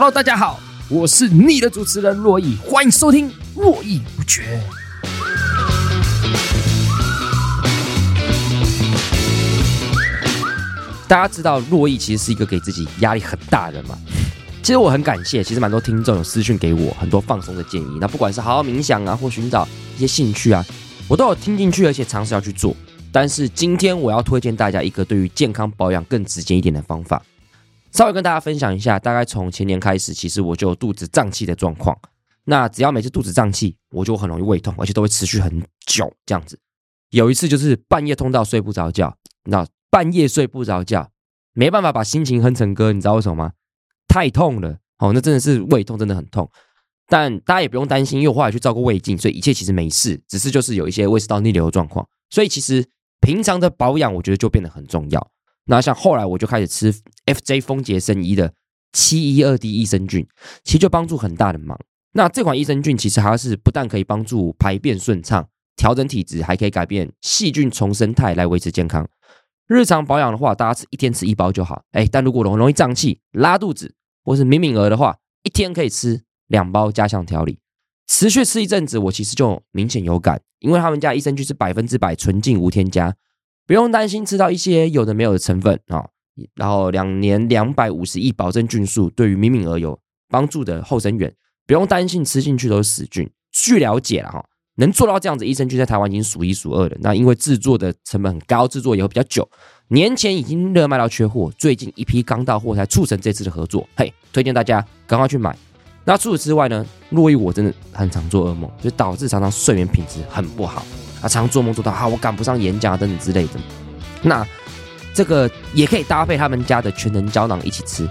Hello，大家好，我是你的主持人珞亦，歡迎收聽《珞亦不絕》。大家知道珞亦其實是一個給自己壓力很大的人嘛？其實我很感謝，其實蠻多聽眾有私訊給我很多放鬆的建議。那不管是好好冥想啊，或尋找一些興趣啊，我都有聽進去，而且嘗試要去做。但是今天我要推薦大家一個對於健康保養更直接一點的方法。稍微跟大家分享一下，大概從前年開始，其實我就有肚子脹氣的狀況。那只要每次肚子脹氣，我就很容易胃痛，而且都會持續很久這樣子。有一次就是半夜痛到睡不着覺，那半夜睡不着覺，沒辦法把心情哼成歌，你知道為什麼嗎？太痛了哦，那真的是胃痛，真的很痛。但大家也不用擔心，因為我後來去照過胃鏡，所以一切其實沒事，只是就是有一些胃食道逆流的狀況。所以其實平常的保養，我覺得就變得很重要。那像後來我就開始吃 FJ 豐傑生醫的七一二 D 益生菌，其實就幫助很大的忙。那這款益生菌其實它是不但可以幫助排便順暢、調整體質，還可以改變細菌重生態來維持健康。日常保養的話，大家吃一天吃一包就好。哎，但如果容容易脹氣、拉肚子或是敏敏兒的話，一天可以吃兩包加強調理。持續吃一陣子，我其實就明顯有感，因為他們家益生菌是百分之百純淨無添加。不用擔心吃到一些有的沒有的成分啊，然後兩年兩百五十億保證菌數，對於敏敏而有幫助的後生元，不用擔心吃進去都是死菌。據了解了哈，能做到這樣子益生菌在台灣已經數一數二的。那因為製作的成本很高，製作也會比較久，年前已經熱賣到缺貨，最近一批剛到貨才促成這次的合作。嘿，推薦大家趕快去買。那除此之外呢，珞亦我真的很常做噩夢，就導致常常睡眠品質很不好。啊，常做夢做到啊，我趕不上演講等等之類的。那這個也可以搭配他們家的全能膠囊一起吃，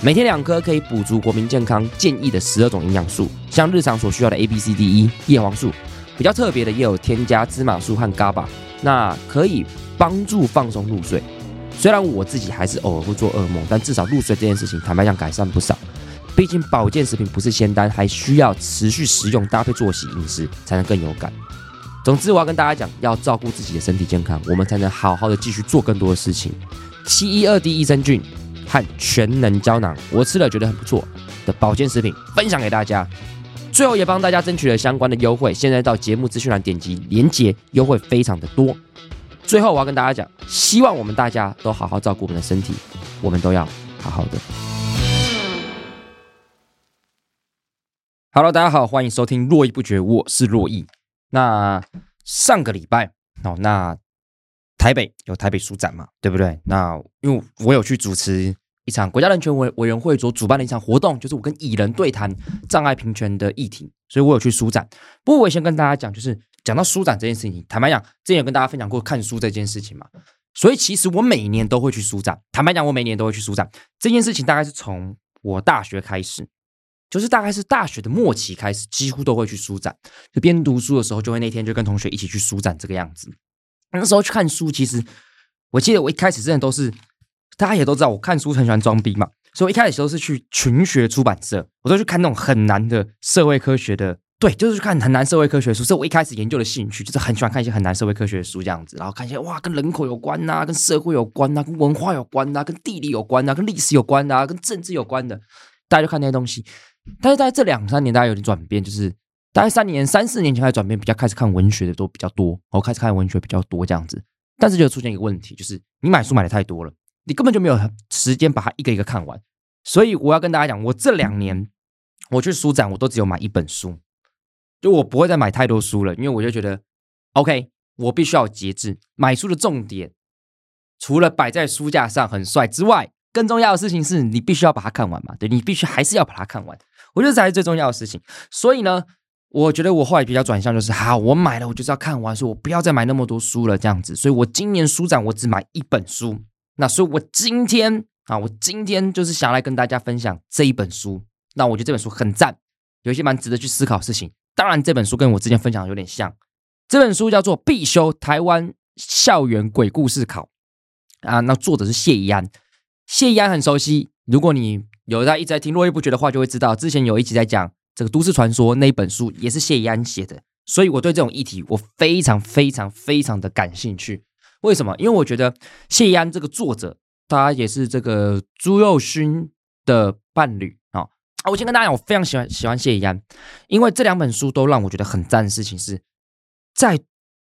每天兩顆可以補足國民健康建議的十二種營養素，像日常所需要的 A、B、C、D、E、葉黃素。比較特別的也有添加芝麻素和 GABA，那可以幫助放鬆入睡。雖然我自己還是偶爾會做噩夢，但至少入睡這件事情，坦白講改善不少。畢竟保健食品不是仙丹，還需要持續食用，搭配作息飲食，才能更有感。總之，我要跟大家講，要照顧自己的身體健康，我們才能好好的繼續做更多的事情。七一二 D 益生菌和全能膠囊，我吃了覺得很不錯，的保健食品分享給大家。最後也幫大家爭取了相關的優惠，現在到節目資訊欄點擊連結，優惠非常的多。最後我要跟大家講，希望我們大家都好好照顧我們的身體，我們都要好好的。Hello，大家好，歡迎收聽珞亦不絕，我是珞亦。那上個禮拜哦，那台北有台北書展嘛，對不對？那因為我有去主持一場國家人權委委員會所主，主辦的一場活動，就是我跟藝人對談障礙平權的議題，所以我有去書展。不過我先跟大家講，就是講到書展這件事情，坦白講，之前有跟大家分享過看書這件事情嘛，所以其實我每年都會去書展。坦白講，我每年都會去書展這件事情，大概是從我大學開始。就是大概是大學的末期開始，幾乎都會去書展。就邊讀書的時候，就會那天就跟同學一起去書展，這個樣子。那時候去看書，其實我記得我一開始真的都是大家也都知道，我看書很喜歡裝逼嘛，所以我一開始都是去群學出版社，我都去看那種很難的社會科學的。對，就是去看很難社會科學書。所以我一開始研究的興趣就是很喜歡看一些很難社會科學的書，這樣子，然後看一些哇，跟人口有關吶，跟社會有關吶，跟文化有關吶，跟地理有關吶，跟歷史有關吶，跟政治有關的，大家就看那些東西。但是在這兩三年，大家有點轉變，就是大概三年、三四年前開始轉變，比較開始看文學的都比較多，然後開始看文學比較多這樣子。但是就出現一個問題，就是你買書買的太多了，你根本就沒有時間把它一個一個看完。所以我要跟大家講，我這兩年我去書展，我都只有買一本書，就我不會再買太多書了，因為我就覺得，OK，我必須要節制。買書的重點，除了擺在書架上很帥之外，更重要的事情是你必須要把它看完嘛？對，你必須還是要把它看完。我覺得這才是最重要的事情，所以呢，我覺得我後來比較轉向，就是好，我買了，我就是要看完，所以我不要再買那麼多書了，這樣子。所以我今年書展我只買一本書。那所以我今天啊，我今天就是想來跟大家分享這一本書。那我覺得這本書很讚，有一些蠻值得去思考的事情。當然，這本書跟我之前分享的有點像，這本書叫做《必修台灣校園鬼故事考》啊。那作者是謝宜安，謝宜安很熟悉。如果你有人在一直在聽珞亦不絕的話，就會知道之前有一集在講這個《都市傳說》那本書也是謝宜安寫的，所以我對這種議題，我非常非常非常的感興趣。為什麼？因為我覺得謝宜安這個作者，他也是這個朱宥勳的伴侶啊、哦。我先跟大家講，我非常喜歡喜歡謝宜安，因為這兩本書都讓我覺得很讚的事情是在《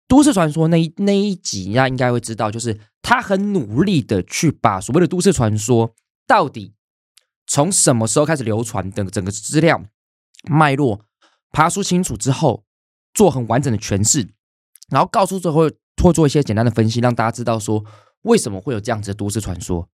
都市傳說》那一那一集，大家應該會知道，就是他很努力的去把所謂的《都市傳說》到底，從什麼時候開始流傳等整個資料脈絡爬梳清楚之後，做很完整的詮釋，然後告訴最後會做一些簡單的分析，讓大家知道說為什麼會有這樣子的都市傳說。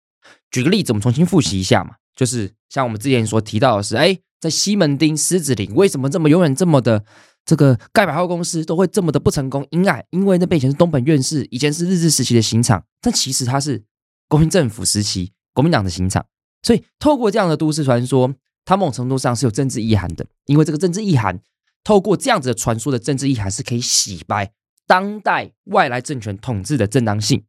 舉個例子，我們重新複習一下嘛，就是像我們之前所提到的是，哎，在西門町獅子林為什麼這麼永遠這麼的這個蓋百貨公司都會這麼的不成功？陰暗，因為那邊以前是東本院士以前是日治時期的刑場，但其實它是國民政府時期國民黨的刑場。所以，透過這樣的都市傳說，它某種程度上是有政治意涵的。因為這個政治意涵，透過這樣子的傳說的政治意涵，是可以洗白當代外來政權統治的正當性。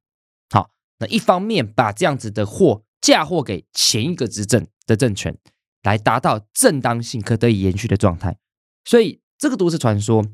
好，那一方面把這樣子的禍嫁禍給前一個執政的政權，來達到正當性可得以延續的狀態。所以，這個都市傳說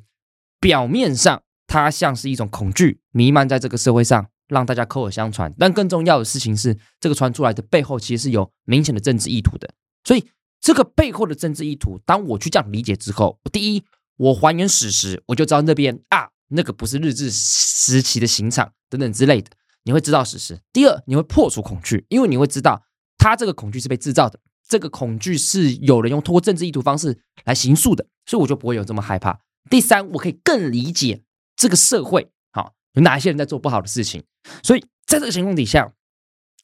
表面上它像是一種恐懼瀰漫在這個社會上。讓大家口耳相傳，但更重要的事情是，這個傳出來的背後其實是有明顯的政治意圖的。所以，這個背後的政治意圖，當我去這樣理解之後，第一，我還原史實，我就知道那邊啊，那個不是日治時期的刑場等等之類的，你會知道史實。第二，你會破除恐懼，因為你會知道他這個恐懼是被制造的，這個恐懼是有人用通過政治意圖方式來形塑的，所以我就不會有這麼害怕。第三，我可以更理解這個社會。有哪一些人在做不好的事情？所以在這個情況底下，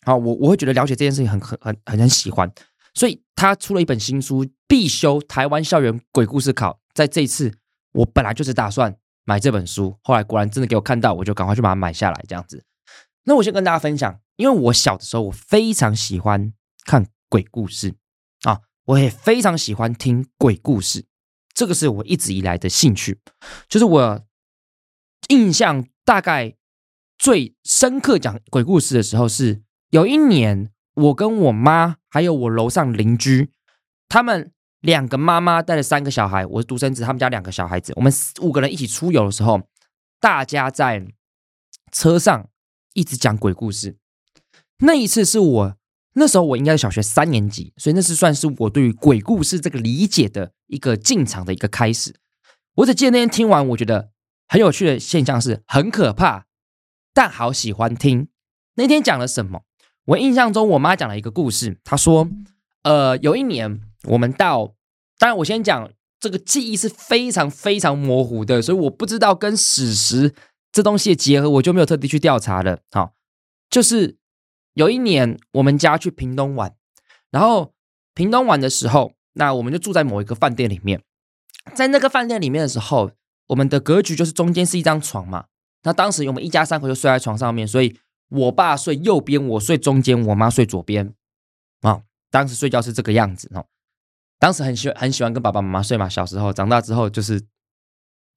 啊，我我會覺得了解這件事情很很很很很喜歡。所以他出了一本新書《必修台灣校園鬼故事考》。在這一次，我本來就是打算買這本書，後來果然真的給我看到，我就趕快去把它買下來，這樣子。那我先跟大家分享，因為我小的時候我非常喜歡看鬼故事啊，我也非常喜歡聽鬼故事。這個是我一直以來的興趣，就是我印象。大概最深刻講鬼故事的時候是有一年，我跟我媽還有我樓上鄰居，他們兩個媽媽帶了三個小孩，我是獨生子，他們家兩個小孩子，我們四五個人一起出遊的時候，大家在車上一直講鬼故事。那一次是我那時候我應該是小學三年級，所以那是算是我對於鬼故事這個理解的一個進場的一個開始。我只記得那天聽完，我覺得。很有趣的現象是很可怕，但好喜歡聽。那天講了什麼？我印象中，我媽講了一個故事。她說：“呃，有一年我們到……當然，我先講這個記憶是非常非常模糊的，所以我不知道跟史實這東西的結合，我就沒有特地去調查了。哈、哦，就是有一年我們家去屏東玩，然後屏東玩的時候，那我們就住在某一個飯店裡面，在那個飯店裡面的時候。”我們的格局就是中間是一張床嘛，那當時我們一家三口就睡在床上面，所以我爸睡右邊，我睡中間，我媽睡左邊，啊、哦，當時睡覺是這個樣子哦。當時很喜很喜歡跟爸爸媽媽睡嘛，小時候長大之後就是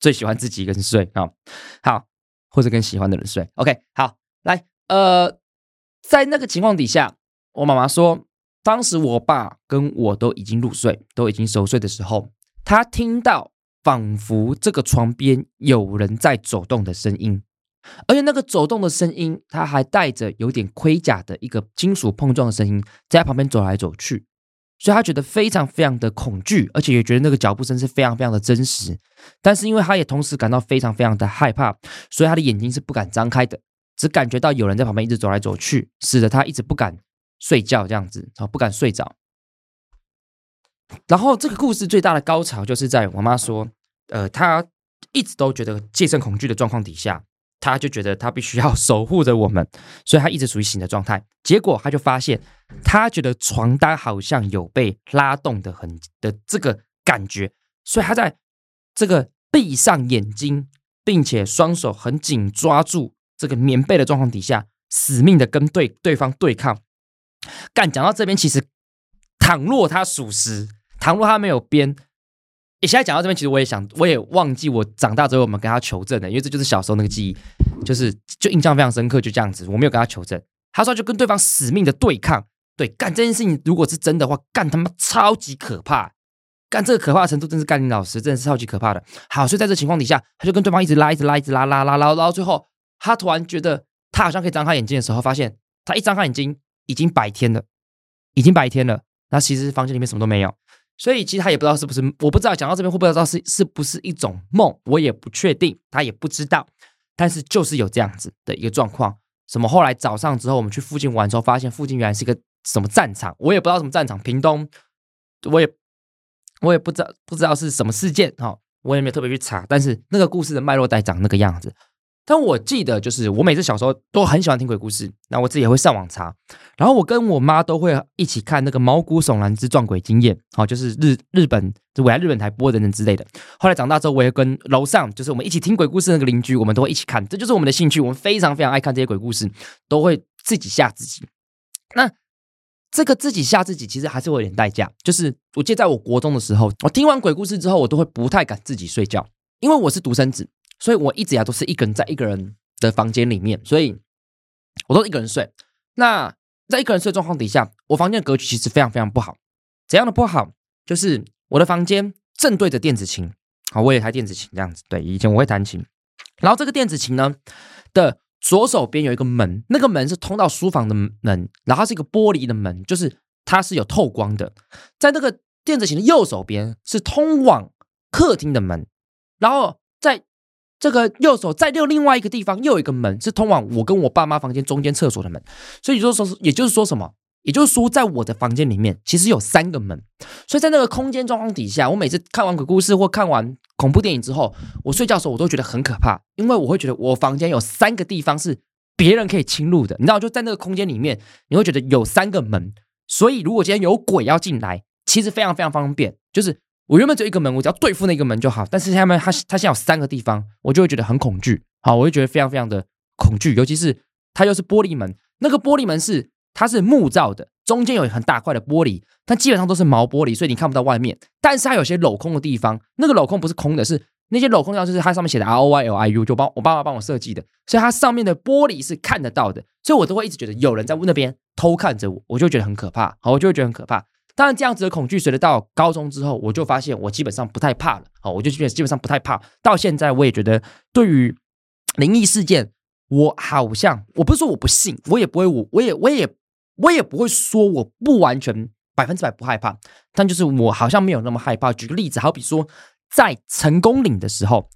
最喜歡自己一個人睡啊、哦，好或者跟喜歡的人睡。OK，好，來，呃，在那個情況底下，我媽媽說，當時我爸跟我都已經入睡，都已經熟睡的時候，她聽到。仿佛這個床邊有人在走動的聲音，而且那個走動的聲音，它還帶着有點盔甲的一個金屬碰撞的聲音，在旁邊走來走去，所以他覺得非常非常的恐懼，而且也覺得那個腳步聲是非常非常的真實。但是因為他也同時感到非常非常的害怕，所以他的眼睛是不敢張開的，只感覺到有人在旁邊一直走來走去，使得他一直不敢睡覺這樣子，然後不敢睡着。然後這個故事最大的高潮就是在我媽說，呃，她一直都覺得戒慎恐懼的狀況底下，她就覺得她必須要守護着我們，所以她一直處於醒的狀態。結果她就發現，她覺得床單好像有被拉動的痕跡的這個感覺，所以她在這個閉上眼睛，並且雙手很緊抓住這個棉被的狀況底下，死命的跟對對方對抗。但講到這邊，其實倘若她屬實。倘若他沒有編，欸、現在講到這邊，其實我也想，我也忘記我長大之後我們跟他求證的，因為這就是小時候那個記憶，就是就印象非常深刻，就這樣子。我沒有跟他求證，他說他就跟對方死命的對抗，對，幹這件事情如果是真的話，幹他媽超級可怕，幹這個可怕的程度真是幹你老師真的是超級可怕的。好，所以在這情況底下，他就跟對方一直拉，一直拉，一直拉，一直拉拉拉，拉，然後最後他突然覺得他好像可以張開眼睛的時候，發現他一張開眼睛已經白天了，已經白天了，那其實房間裡面什麼都沒有。所以其實他也不知道是不是，我不知道講到這邊會不會知道是是不是一種夢，我也不確定，他也不知道，但是就是有這樣子的一個狀況。什麼後來早上之後我們去附近玩的時候，發現附近原來是一個什麼戰場，我也不知道什麼戰場，屏東，我也我也不知道不知道是什麼事件哈，我也沒有特別去查，但是那個故事的脈絡帶長那個樣子。但我記得，就是我每次小時候都很喜歡聽鬼故事，那我自己也會上網查，然後我跟我媽都會一起看那個《毛骨悚然之撞鬼經驗》，好、哦，就是日日本，就我在日本台播的那之類的。後來長大之後，我也跟樓上，就是我們一起聽鬼故事的那個鄰居，我們都會一起看，這就是我們的興趣。我們非常非常愛看這些鬼故事，都會自己嚇自己。那這個自己嚇自己，其實還是會有點代價。就是我記得在我國中的時候，我聽完鬼故事之後，我都會不太敢自己睡覺，因為我是獨生子。所以我一直以來都是一個人在一個人的房間裡面，所以我都一個人睡。那在一個人睡的狀況底下，我房間的格局其實非常非常不好。怎樣的不好？就是我的房間正對着電子琴。好，我有台電子琴這樣子。對，以前我會彈琴。然後這個電子琴呢的左手邊有一個門，那個門是通到書房的門，然後它是一個玻璃的門，就是它是有透光的。在那個電子琴的右手邊是通往客廳的門，然後在這個右手在另外一個地方，又有一個門是通往我跟我爸媽房間中間廁所的門，所以就說，也就是說什麼？也就是說，在我的房間裡面，其實有三個門。所以在那個空間狀況底下，我每次看完鬼故事或看完恐怖電影之後，我睡覺的時候我都覺得很可怕，因為我會覺得我房間有三個地方是別人可以侵入的，你知道？就在那個空間裡面，你會覺得有三個門，所以如果今天有鬼要進來，其實非常非常方便，就是。我原本只有一個門，我只要對付那個門就好。但是下面它它現在有三個地方，我就會覺得很恐懼。好，我就覺得非常非常的恐懼，尤其是它又是玻璃門。那個玻璃門是它是木造的，中間有很大塊的玻璃，但基本上都是毛玻璃，所以你看不到外面。但是它有些鏤空的地方，那個鏤空不是空的是，是那些鏤空上就是它上面寫的 ROYLIU，就我幫我爸爸幫我設計的。所以它上面的玻璃是看得到的，所以我都會一直覺得有人在那邊偷看着我，我就會覺得很可怕。好，我就會覺得很可怕。當然，這樣子的恐懼，隨着到高中之後，我就發現我基本上不太怕了。哦，我就覺得基本上不太怕。到現在，我也覺得對於靈異事件，我好像我不是說我不信，我也不會，我我也，我也我也我也不會說我不完全百分之百不害怕。但就是我好像沒有那麼害怕。舉個例子，好比說在成功嶺的時候，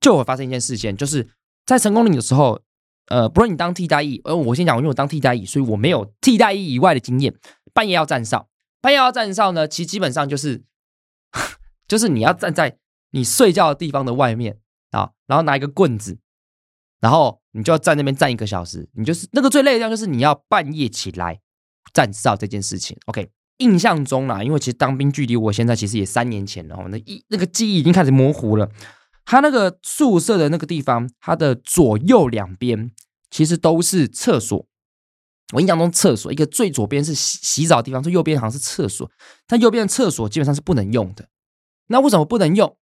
就會發生一件事情，就是在成功嶺的時候，呃，不論你當替代役，呃，我先講，因為我當替代役，所以我沒有替代役以外的經驗，半夜要站哨。要半夜站哨呢，其基本上就是就是你要站在你睡覺的地方的外面啊，然後拿一個棍子，然後你就要在那邊站一個小時。你就是那個最累的，就是你要半夜起來站哨這件事情。OK，印象中啦，因為其實當兵距離我現在其實也三年前了，那一那個記憶已經開始模糊了。他那個宿舍的那個地方，他的左右兩邊其實都是廁所。我印象中，廁所一個最左邊是洗洗澡的地方，最右邊好像是廁所。但右邊的廁所基本上是不能用的。那為什麼不能用？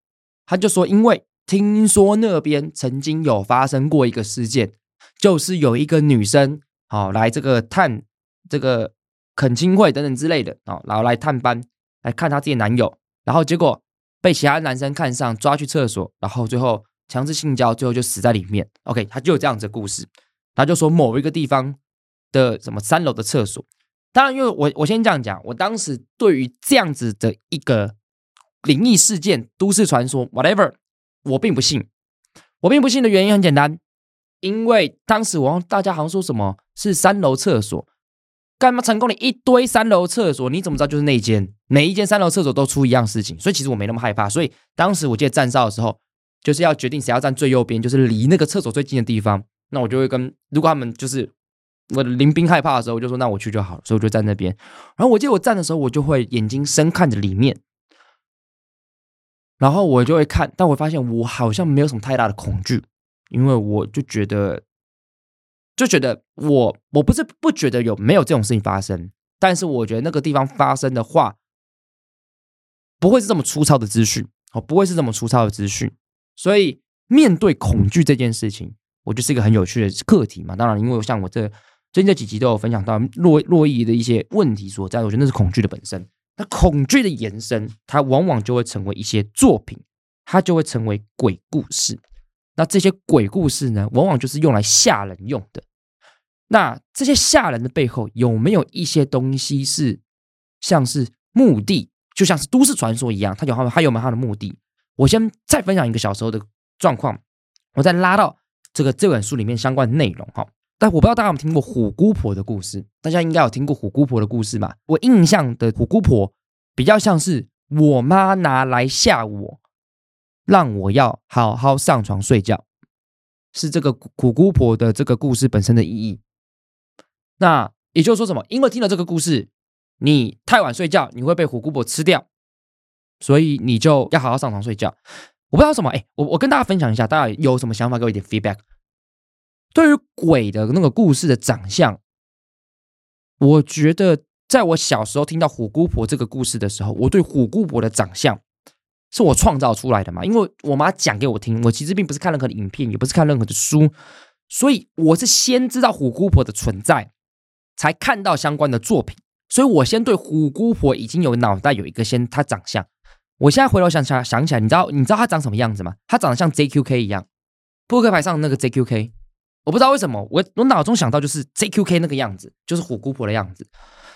他就說，因為聽說那邊曾經有發生過一個事件，就是有一個女生，好、哦、來這個探這個懇親會等等之類的，啊、哦，然後來探班來看她自己男友，然後結果被其他男生看上，抓去廁所，然後最後強制性交，最後就死在裡面。OK，他就有這樣子的故事。他就說某一個地方，的什麼三樓的廁所？當然，因為我我先這樣講，我當時對於這樣子的一個靈異事件、都市傳說，whatever，我並不信。我並不信的原因很簡單，因為當時我大家好像說什麼，是三樓廁所，幹嘛成功了一堆三樓廁所，你怎麼知道就是那間？每一間三樓廁所都出一樣事情，所以其實我沒那麼害怕。所以當時我記得站哨的時候，就是要決定誰要站最右邊，就是離那個廁所最近的地方。那我就會跟如果他們就是。我的林兵害怕的時候，我就說：“那我去就好了。”所以我就站那邊。然後我記得我站的時候，我就會眼睛深看着裡面，然後我就會看。但我發現我好像沒有什麼太大的恐懼，因為我就覺得，就覺得我我不是不覺得有沒有這種事情發生，但是我覺得那個地方發生的話，不會是這麼粗糙的資訊哦，不會是這麼粗糙的資訊。所以面對恐懼這件事情，我就是一個很有趣的課題嘛。當然，因為我像我這個。最近這幾集都有分享到珞亦、珞亦的一些問題所在，我覺得那是恐懼的本身。那恐懼的延伸，它往往就會成為一些作品，它就會成為鬼故事。那這些鬼故事呢，往往就是用來嚇人用的。那這些嚇人的背後有沒有一些東西是像是目的？就像是都市傳說一樣，它有它，它有沒有它的目的？我先再分享一個小時候的狀況，我再拉到這個這本書裡面相關內容哈。但我不知道大家有沒有聽過虎姑婆的故事？大家應該有聽過虎姑婆的故事嘛？我印象的虎姑婆比較像是我媽拿來嚇我，讓我要好好上床睡覺，是這個虎姑婆的這個故事本身的意義。那也就是說什麼？因為聽了這個故事，你太晚睡覺，你會被虎姑婆吃掉，所以你就要好好上床睡覺。我不知道什麼？誒，欸，我我跟大家分享一下，大家有什麼想法，給我一點 feedback。對於鬼的那個故事的長相，我覺得在我小時候聽到虎姑婆這個故事的時候，我對虎姑婆的長相是我創造出來的嘛，因為我媽講給我聽，我其實並不是看任何的影片，也不是看任何的書，所以我是先知道虎姑婆的存在，才看到相關的作品，所以我先對虎姑婆已經有腦袋有一個先她長相。我現在回頭想起來，想起來，你知道你知道她長什麼樣子嗎？她長得像 JQK 一樣，撲克牌上那個 JQK。我不知道為什麼，我我腦中想到就是 JQK 那個樣子，就是虎姑婆的樣子，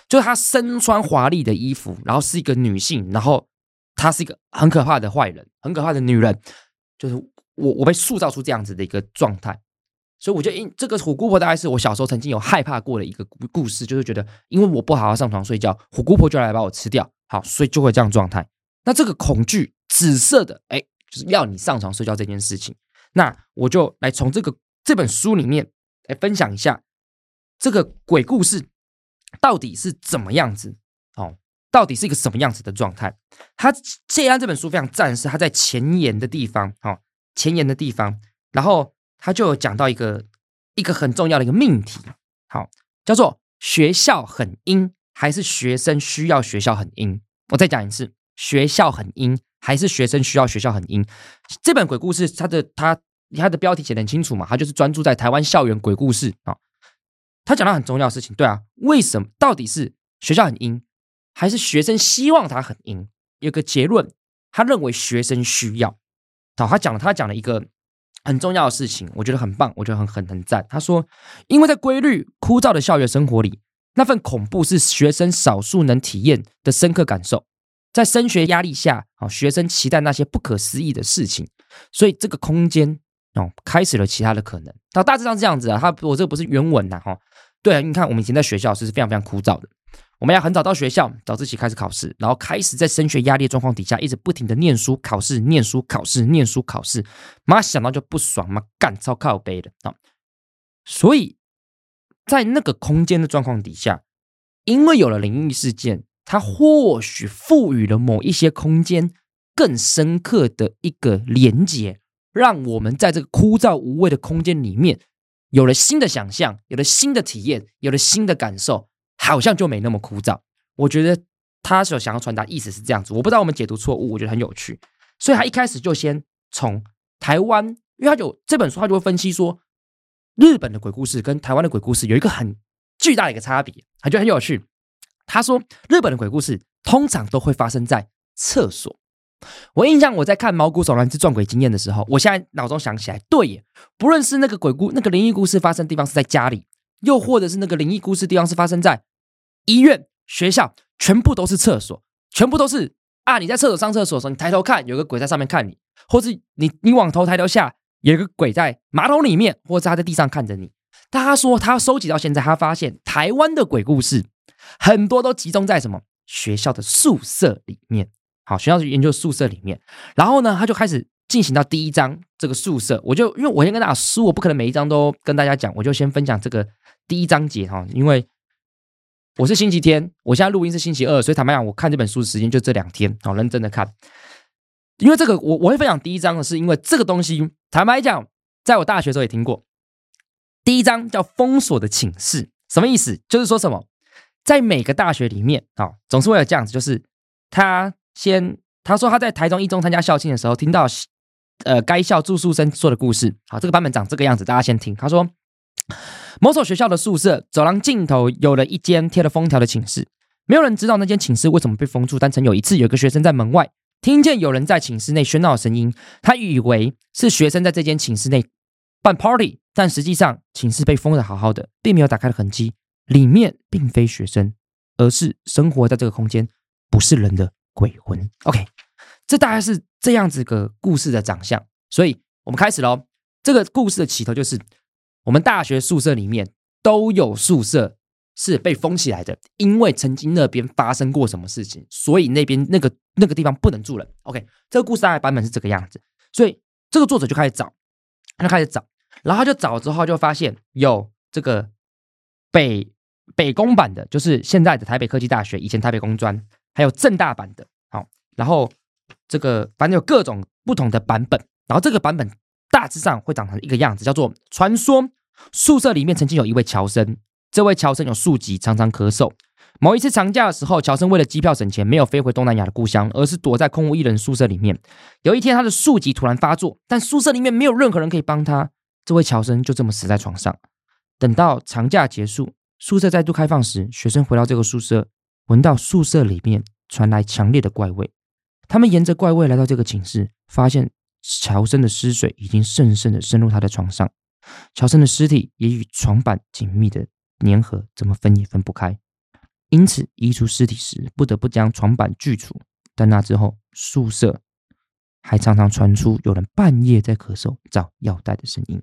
就是她身穿華麗的衣服，然後是一個女性，然後她是一個很可怕的壞人，很可怕的女人，就是我我被塑造出這樣子的一個狀態，所以我覺得因這個虎姑婆大概是我小時候曾經有害怕過的一個故事，就是覺得因為我不好好上床睡覺，虎姑婆就來把我吃掉，好，所以就會這樣狀態。那這個恐懼紫色的，哎，就是要你上床睡覺這件事情，那我就來從這個。這本書裡面來分享一下這個鬼故事到底是怎麼樣子？哦，到底是一個什麼樣子的狀態？他謝宜安這本書非常讚，是他在前沿的地方，哦，前沿的地方，然後他就講到一個一個很重要的一個命題，好、哦，叫做學校很陰還是學生需要學校很陰？我再講一次，學校很陰還是學生需要學校很陰？這本鬼故事它的，他的他。他的標題寫得很清楚嘛，他就是專注在台灣校園鬼故事啊。他、哦、講到很重要的事情，對啊，為什麼？到底是學校很陰，還是學生希望它很陰？有個結論，他認為學生需要。好、哦，他講了，他講了一個很重要的事情，我覺得很棒，我覺得很很很讚。他說，因為在規律枯燥的校園生活裡，那份恐怖是學生少數能體驗的深刻感受。在升學壓力下啊、哦，學生期待那些不可思議的事情，所以這個空間。哦，開始了其他的可能。它，大致上這樣子啊。他我這不是原文吶、啊、哈。對啊，你看我們以前在學校是非常非常枯燥的。我們要很早到學校，早自習開始考試，然後開始在升學壓力的狀況底下，一直不停的念書、考試、念書、考試、念書、考試。媽想到就不爽，媽幹超靠杯的啊、哦。所以，在那個空間的狀況底下，因為有了靈異事件，它或許賦予了某一些空間更深刻的一個連結。讓我們在這個枯燥無味的空間裡面，有了新的想象，有了新的體驗，有了新的感受，好像就沒那麼枯燥。我覺得他所想要傳達意思是這樣子，我不知道我們解讀錯誤，我覺得很有趣。所以他一開始就先從台灣，因為他有這本書，他就會分析說，日本的鬼故事跟台灣的鬼故事有一個很巨大的一個差別，他覺得很有趣。他說，日本的鬼故事通常都會發生在廁所。我印象，我在看《毛骨悚然之撞鬼經驗》的時候，我現在腦中想起來，對耶，不論是那個鬼故、那個靈異故事發生的地方是在家裡，又或者是那個靈異故事的地方是發生在醫院、學校，全部都是廁所，全部都是啊！你在廁所上廁所的時候，你抬頭看有個鬼在上面看你，或是你你往頭抬頭下有個鬼在馬桶裡面，或者他在地上看着你。他說他收集到現在，他發現台灣的鬼故事很多都集中在什麼學校的宿舍裡面。好，學校去研究宿舍裡面，然後呢，他就開始進行到第一章這個宿舍。我就因為我先跟大家說，我不可能每一章都跟大家講，我就先分享這個第一章節哈、哦。因為我是星期天，我現在錄音是星期二，所以坦白講，我看這本書的時間就這兩天，好、哦、認真的看。因為這個，我我會分享第一章的是因為這個東西，坦白講，在我大學的時候也聽過。第一章叫“封鎖的寢室”，什麼意思？就是說什麼，在每個大學裡面啊、哦，總是會有這樣子，就是他。先，他說他在台中一中參加校慶的時候，聽到，呃，該校住宿生說的故事。好，這個版本長這個樣子，大家先聽。他說，某所學校的宿舍走廊盡頭有了一間貼了封條的寢室，沒有人知道那間寢室為什麼被封住。但曾有一次，有個學生在門外聽見有人在寢室內喧鬧的聲音，他以為是學生在這間寢室內辦 party，但實際上寢室被封得好好的，並沒有打開的痕跡，裡面並非學生，而是生活在這個空間，不是人的。鬼魂，OK，這大概是這樣子個故事的長相，所以我們開始嘍。這個故事的起頭就是，我們大學宿舍裡面都有宿舍是被封起來的，因為曾經那邊發生過什麼事情，所以那邊那個那個地方不能住了。OK，這個故事大概版本是這個樣子，所以這個作者就開始找，他就開始找，然後就找之後就發現有這個北北工版的，就是現在的台北科技大學，以前台北工專。還有正大版的。好，然後這個反正有各種不同的版本，然後這個版本大致上會長成一個樣子，叫做傳說，宿舍裡面曾經有一位僑生，這位僑生有宿疾，常常咳嗽。某一次長假的時候，僑生為了機票省錢，沒有飛回東南亞的故鄉，而是躲在空無一人宿舍裡面。有一天，他的宿疾突然發作，但宿舍裡面沒有任何人可以幫他，這位僑生就這麼死在床上。等到長假結束，宿舍再度開放時，學生回到這個宿舍，聞到宿舍裡面傳來強烈的怪味，他們沿着怪味來到這個寢室，發現喬森的屍水已經甚甚深深的滲入他的床上，喬森的屍體也與床板緊密的粘合，怎麼分也分不開。因此移除屍體時不得不將床板鋸除。但那之後，宿舍還常常傳出有人半夜在咳嗽、找藥袋的聲音。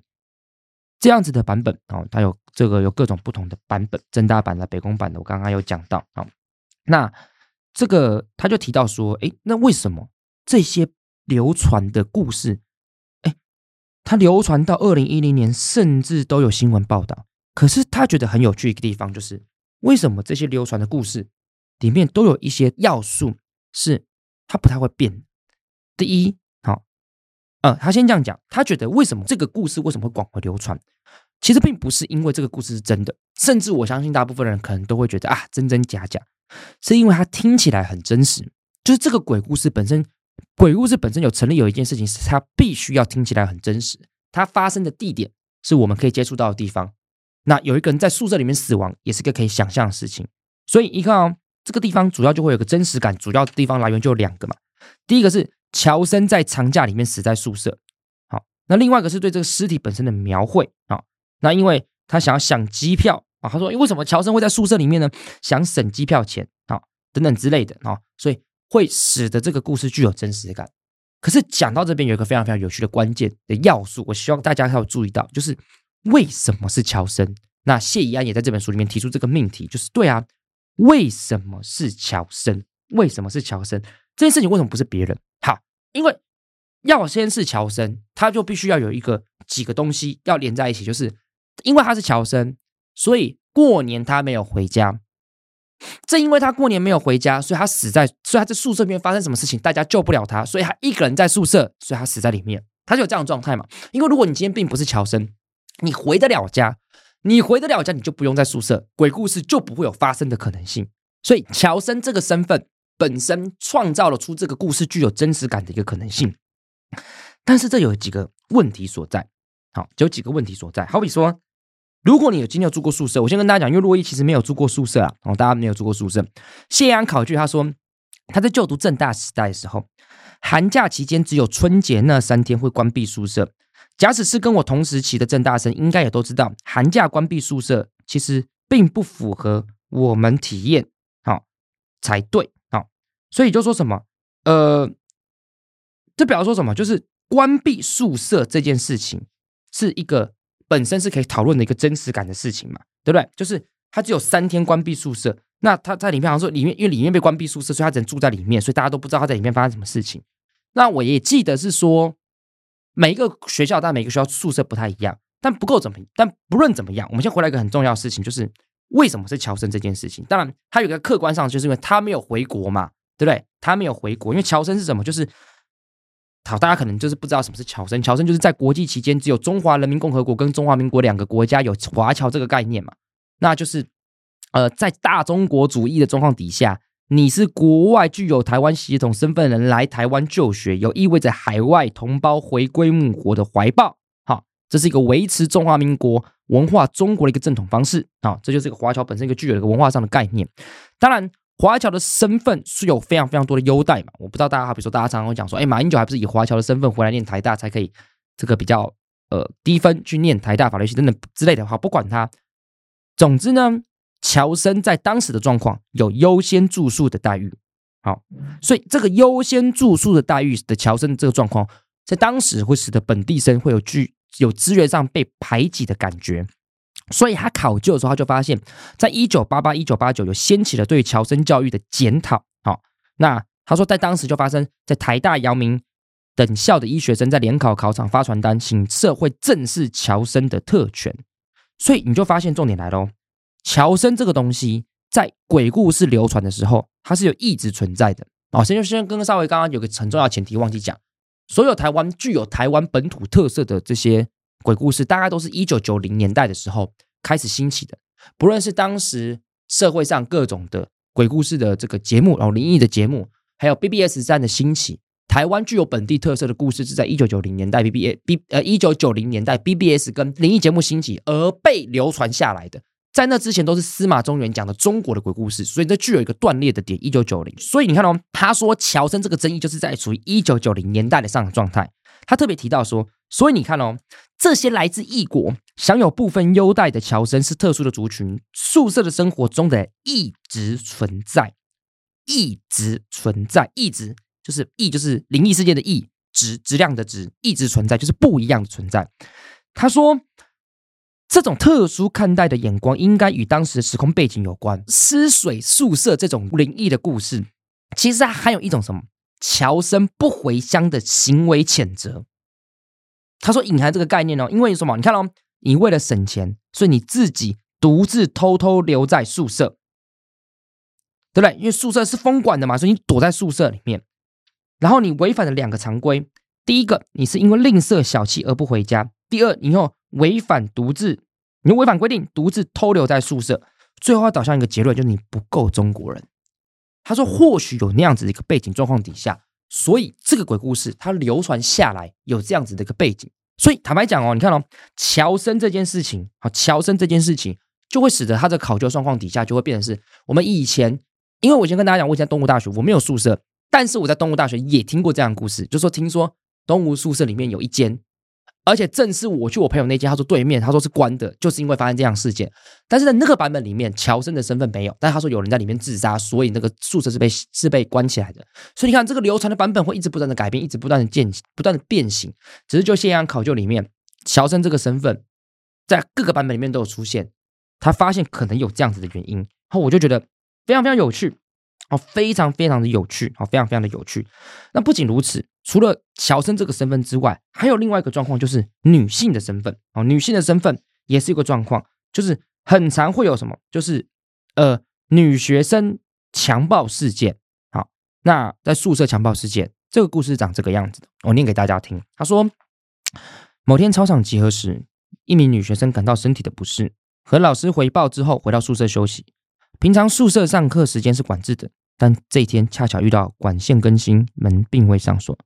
這樣子的版本哦，它有這個有各種不同的版本，正大版的、北工版的我剛剛，我剛剛有講到啊。那這個，他就提到說：“誒，那為什麼這些流傳的故事，誒，它流傳到二零一零年，甚至都有新聞報道？可是他覺得很有趣一個地方，就是為什麼這些流傳的故事裡面都有一些要素是它不太會變。第一，好、哦，呃，他先這樣講，他覺得為什麼這個故事為什麼會廣為流傳？其實並不是因為這個故事是真的，甚至我相信大部分人可能都會覺得啊，真真假假。”是因為它聽起來很真實，就是這個鬼故事本身，鬼故事本身有成立有一件事情，是它必須要聽起來很真實，它發生的地點是我們可以接觸到的地方。那有一個人在宿舍裡面死亡，也是個可以想象的事情。所以你看哦，這個地方主要就會有個真實感，主要的地方來源就兩個嘛。第一個是僑生在長假裡面死在宿舍，好，那另外一個是對這個屍體本身的描繪啊，那因為他想要想機票，啊，他說：“因為什麼僑生會在宿舍裡面呢？想省機票錢啊，等等之類的啊，所以會使得這個故事具有真實感。可是講到這邊，有一個非常非常有趣的關鍵的要素，我希望大家要注意到，就是為什麼是僑生？那謝宜安也在這本書裡面提出這個命題，就是對啊，為什麼是僑生？為什麼是僑生？這件事情為什麼不是別人？好、啊，因為要先是僑生，他就必須要有一個幾個東西要連在一起，就是因為他是僑生。”所以過年他沒有回家，正因為他過年沒有回家，所以他死在，所以他在宿舍裡面發生什麼事情，大家救不了他，所以他一個人在宿舍，所以他死在裡面，他就有這樣的狀態嘛？因為如果你今天並不是僑生，你回得了家，你回得了家，你就不用在宿舍，鬼故事就不會有發生的可能性。所以僑生這個身份本身創造了出這個故事具有真實感的一個可能性，但是這有幾個問題所在，好，有幾個問題所在，好比說。如果你有今天有住過宿舍，我先跟大家講，因為珞亦其實沒有住過宿舍啊，哦，大家沒有住過宿舍。謝宜安考據他說，他在就讀政大時代的時候，寒假期間只有春節那三天會關閉宿舍。假使是跟我同時期的政大生，應該也都知道，寒假關閉宿舍其實並不符合我們體驗，好、哦、才對，好、哦，所以就說什麼，呃，這表示說什麼，就是關閉宿舍這件事情是一個。本身是可以討論的一個真實感的事情嘛，對不對？就是他只有三天關閉宿舍，那他在裡面，好像說裡面，因為裡面被關閉宿舍，所以他只能住在裡面，所以大家都不知道他在裡面發生什麼事情。那我也記得是說，每一個學校，但每個學校宿舍不太一樣，但不夠怎麼？但不論怎麼樣，我們先回來一個很重要的事情，就是為什麼是僑生這件事情當然，他有一個客觀上，就是因為他沒有回國嘛，對不對？他沒有回國，因為僑生是什麼？就是。好，大家可能就是不知道什麼是僑生。僑生就是在國際期間，只有中華人民共和國跟中華民國兩個國家有華僑這個概念嘛？那就是，呃，在大中國主義的狀況底下，你是國外具有台灣血統身份的人來台灣就學，有意味着海外同胞回歸母國的懷抱。好，這是一個維持中華民國文化中國的一個正統方式。好，這就是一個華僑本身一個具有一個文化上的概念。當然。華僑的身份是有非常非常多的優待嘛。我不知道大家好，比如說大家常常會講說，哎，馬英九還不是以華僑的身份回來念台大才可以這個比較呃低分去念台大法律系等等之類的話，不管他。總之呢，僑生在當時的狀況有優先住宿的待遇，好，所以這個優先住宿的待遇的僑生這個狀況，在當時會使得本地生會有具有資源上被排擠的感覺。所以，他考究的時候他就發現在，在一九八八、一九八九，有掀起了對僑生教育的檢討。好，那他說，在當時就發生在台大、陽明等校的醫學生在聯考考場發傳單，請社會正視僑生的特權。所以，你就發現重點來咯，僑生這個東西，在鬼故事流傳的時候，它是有一直存在的。哦，先就先跟稍微剛剛有個很重要前提忘記講，所有台灣具有台灣本土特色的這些。鬼故事大概都是一九九零年代的時候開始興起的。不論是當時社會上各種的鬼故事的這個節目，哦，靈異的節目，還有 BBS 站的興起，台灣具有本地特色的故事是在一九九零年代 BBS，B 呃一九九零年代 BBS 跟靈異節目興起而被流傳下來的。在那之前都是司馬中原講的中國的鬼故事，所以這具有一個斷裂的點，一九九零。1990，所以你看到，哦，他說喬生這個爭議就是在處於一九九零年代的上的狀態，他特別提到說，所以你看哦，這些來自異國、享有部分優待的僑生是特殊的族群，宿舍的生活中的異質存在，異質存在，異質就是異，就是靈異世界的“異”，質質量的“質”，異質存在，就是不一樣的存在。他說，這種特殊看待的眼光應該與當時的時空背景有關。私水宿舍這種靈異的故事，其實還有一種什麼僑生不回鄉的行為譴責。他說：“隱含這個概念哦，因為什麼？你看哦，你為了省錢，所以你自己獨自偷偷留在宿舍，對不對？因為宿舍是封管的嘛，所以你躲在宿舍裡面。然後你違反了兩個常規，第一個，你是因為吝嗇小氣而不回家，第二，你又違反獨自，你違反規定，獨自偷留在宿舍。最後，要導向一個結論，就是你不夠中國人。”他說：“或許有那樣子的一個背景狀況底下。”所以這個鬼故事它流傳下來有這樣子的一個背景，所以坦白講哦，你看哦，僑生這件事情，好，僑生這件事情就會使得他的考究狀況底下就會變成是我們以前，因為我以前跟大家講過，我以前在東吳大學我沒有宿舍，但是我在東吳大學也聽過這樣的故事，就是說聽說東吳宿舍裡面有一間。而且正是我去我朋友那間，他說對面，他說是關的，就是因為發生這樣事件。但是在那個版本裡面，僑生的身份沒有，但他說有人在裡面自殺，所以那個宿舍是被是被關起來的。所以你看，這個流傳的版本會一直不斷的改變，一直不斷的變不斷的變形。只是就謝宜安考究裡面，僑生這個身份在各個版本裡面都有出現。他發現可能有這樣子的原因，然後我就覺得非常非常有趣。哦，非常非常的有趣，哦，非常非常的有趣。那不僅如此，除了僑生這個身份之外，還有另外一個狀況，就是女性的身份。哦，女性的身份也是一個狀況，就是很常會有什麼，就是呃，女學生強暴事件。好，哦，那在宿舍強暴事件這個故事長這個樣子，我念給大家聽。他說，某天操場集合時，一名女學生感到身體的不適，和老師回報之後，回到宿舍休息。平常宿舍上課時間是管制的，但這一天恰巧遇到管線更新，門並未上鎖。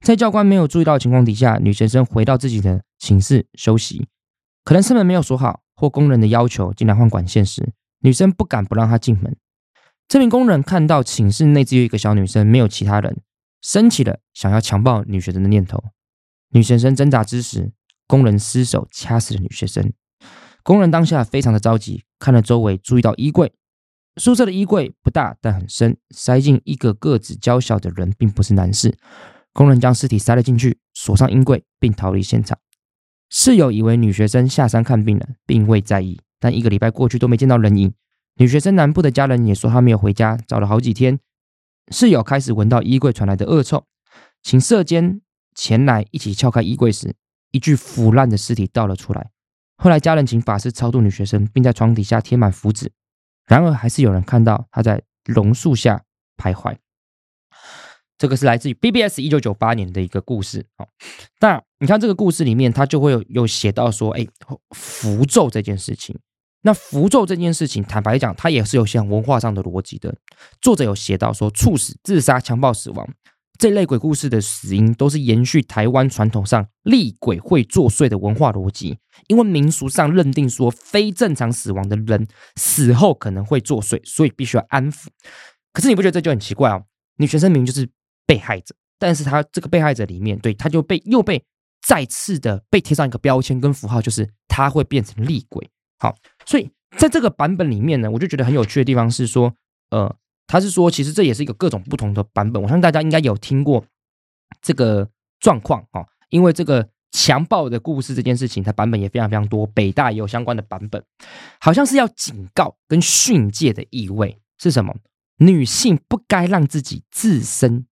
在教官沒有注意到的情況底下，女學生回到自己的寢室休息。可能是門沒有鎖好，或工人的要求進來換管線時，女生不敢不讓他進門。這名工人看到寢室內只有一個小女生，沒有其他人，升起了想要強暴女學生的念頭。女學生掙扎之時，工人失手掐死了女學生。工人當下非常的着急，看了周圍，注意到衣櫃。宿舍的衣櫃不大，但很深，塞進一個個子嬌小的人並不是難事。工人將屍體塞了進去，鎖上衣櫃，並逃離現場。室友以為女學生下山看病了，並未在意。但一個禮拜過去都沒見到人影。女學生南部的家人也說她沒有回家，找了好幾天。室友開始聞到衣櫃傳來的惡臭。請舍監前來一起撬開衣櫃時，一具腐爛的屍體倒了出來。後來家人請法師超度女學生，並在床底下貼滿符紙。然而，還是有人看到他在榕樹下徘徊。這個是來自於 BBS 一九九八年的一個故事啊、哦。那你看這個故事裡面，他就會有有寫到說，哎，符咒這件事情。那符咒這件事情，坦白講，它也是有些文化上的邏輯的。作者有寫到說，猝死、自殺、強暴、死亡。這類鬼故事的死因，都是延續台灣傳統上厲鬼會作祟的文化邏輯。因為民俗上認定說，非正常死亡的人死後可能會作祟，所以必須要安撫。可是你不覺得這就很奇怪哦？女學生明明就是被害者，但是她這個被害者裡面，對，她就被又被再次的被貼上一個標籤跟符號，就是她會變成厲鬼。好，所以在這個版本裡面呢，我就覺得很有趣的地方是說，呃。他是說，其實這也是一個各種不同的版本。我相信大家應該有聽過這個狀況哦，因為這個強暴的故事這件事情，它版本也非常非常多。北大也有相關的版本，好像是要警告跟訓誡的意味是什麼？女性不該讓自己自身